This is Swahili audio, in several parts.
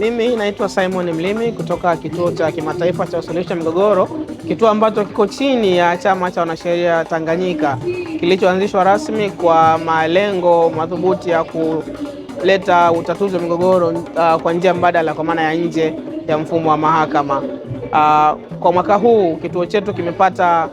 Mimi naitwa Simon Mlimi kutoka kituo cha kimataifa cha usuluhishi migogoro, kituo ambacho kiko chini ya chama cha wanasheria Tanganyika kilichoanzishwa rasmi kwa malengo madhubuti ya kuleta utatuzi wa migogoro uh, kwa njia mbadala, kwa maana ya nje ya mfumo wa mahakama. Uh, kwa mwaka huu kituo chetu kimepata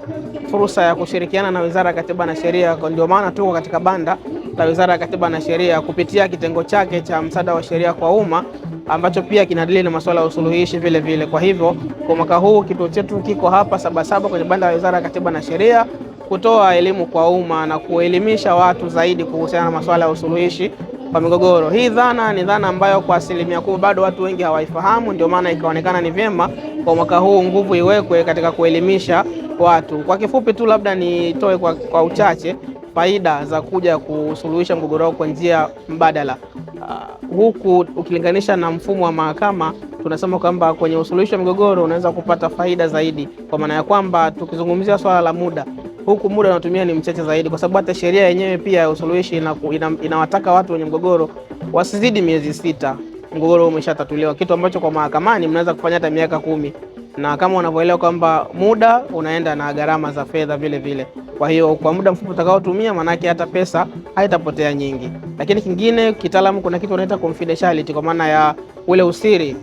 fursa ya kushirikiana na Wizara ya Katiba na Sheria, ndio maana tuko katika banda la Wizara ya Katiba na Sheria kupitia kitengo chake cha msaada wa sheria kwa umma ambacho pia kinadili na masuala ya usuluhishi vile vile. Kwa hivyo kwa mwaka huu kituo chetu kiko hapa Sabasaba kwenye banda la Wizara ya Katiba na Sheria kutoa elimu kwa umma na kuelimisha watu zaidi kuhusiana na masuala ya usuluhishi kwa migogoro. Hii dhana ni dhana ambayo kwa asilimia kubwa bado watu wengi hawaifahamu, ndio maana ikaonekana ni vyema kwa mwaka huu nguvu iwekwe katika kuelimisha watu. Kwa kifupi tu labda nitoe kwa, kwa uchache faida za kuja kusuluhisha mgogoro wao kwa njia mbadala. Uh, huku ukilinganisha na mfumo wa mahakama tunasema kwamba kwenye usuluhisho wa migogoro unaweza kupata faida zaidi, kwa maana ya kwamba tukizungumzia swala la muda, huku muda unatumia ni mchache zaidi, kwa sababu hata sheria yenyewe pia ya usuluhishi inawataka ina, ina watu wenye mgogoro wasizidi miezi sita mgogoro umeshatatuliwa, kitu ambacho kwa mahakamani mnaweza kufanya hata miaka kumi, na kama unavyoelewa kwamba muda unaenda na gharama za fedha vile vile. Kwa hiyo kwa muda mfupi utakaotumia, maanake hata pesa haitapotea nyingi. Lakini kingine kitaalamu, kuna kitu wanaita confidentiality, kwa maana ya ule usiri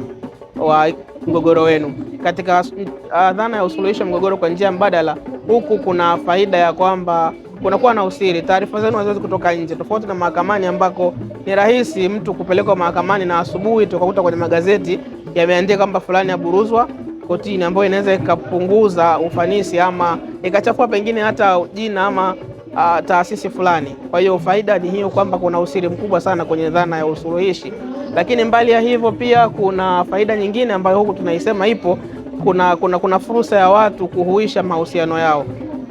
wa mgogoro wenu. Katika uh, dhana ya usuluhisho mgogoro kwa njia mbadala, huku kuna faida ya kwamba kunakuwa na usiri, taarifa zenu haziwezi kutoka nje, tofauti na mahakamani ambako ni rahisi mtu kupelekwa mahakamani na asubuhi tukakuta kwenye magazeti yameandika kwamba fulani aburuzwa kotini, ambayo inaweza ikapunguza ufanisi ama ikachafua pengine hata jina ama uh, taasisi fulani. Kwa hiyo faida ni hiyo kwamba kuna usiri mkubwa sana kwenye dhana ya usuluhishi, lakini mbali ya hivyo pia kuna faida nyingine ambayo huku tunaisema ipo. Kuna, kuna, kuna fursa ya watu kuhuisha mahusiano yao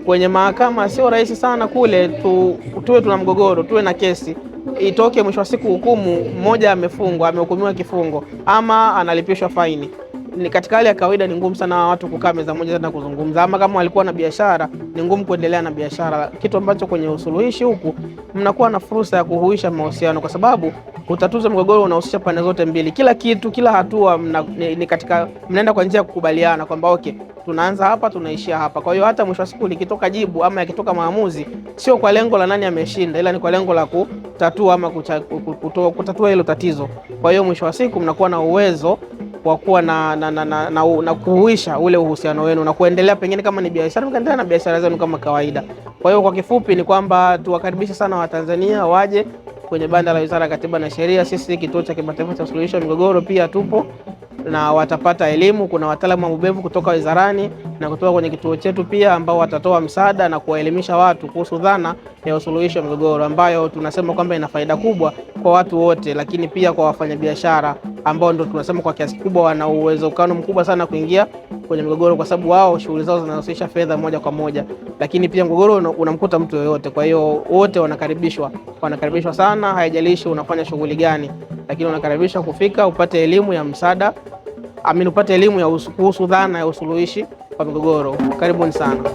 kwenye mahakama. Sio rahisi sana kule tu, tuwe tuna mgogoro tuwe na kesi itoke mwisho wa siku hukumu, mmoja amefungwa amehukumiwa kifungo ama analipishwa faini ni katika hali ya kawaida ni ngumu sana watu kukaa meza moja na kuzungumza, ama kama walikuwa na biashara ni ngumu kuendelea na biashara, kitu ambacho kwenye usuluhishi huku mnakuwa na fursa ya kuhuisha mahusiano, kwa sababu utatuzi mgogoro unahusisha pande zote mbili. Kila kitu, kila hatua mna, ni, ni katika mnaenda kwa njia ya kukubaliana kwamba okay, tunaanza hapa, tunaishia hapa. Kwa hiyo hata mwisho wa siku likitoka jibu ama yakitoka maamuzi, sio kwa lengo la nani ameshinda, ila ni kwa lengo la kutatua ama kucha, kutatua hilo tatizo. Kwa hiyo mwisho wa siku mnakuwa na uwezo wa kuwa na, na, na, na, na, na kuuisha ule uhusiano wenu na kuendelea, pengine kama ni biashara, mkaendelea na biashara zenu kama kawaida. Kwa hiyo kwa kifupi ni kwamba tuwakaribisha sana Watanzania waje kwenye banda la Wizara ya Katiba na Sheria. Sisi kituo cha kimataifa cha suluhisho migogoro pia tupo na watapata elimu. Kuna wataalamu wabobevu kutoka wizarani na kutoka kwenye kituo chetu pia ambao watatoa msaada na kuwaelimisha watu kuhusu dhana ya usuluhisho wa migogoro ambayo tunasema kwamba ina faida kubwa kwa watu wote, lakini pia kwa wafanyabiashara ambao ndo tunasema kwa kiasi kubwa wana uwezekano mkubwa sana kuingia kwenye migogoro, kwa sababu wao shughuli zao zinahusisha fedha moja kwa moja, lakini pia mgogoro unamkuta mtu yoyote. Kwa hiyo wote wanakaribishwa, wanakaribishwa sana, haijalishi unafanya shughuli gani, lakini wanakaribishwa kufika, upate elimu ya msaada, amini, upate elimu ya kuhusu dhana ya usuluhishi kwa migogoro. Karibuni sana.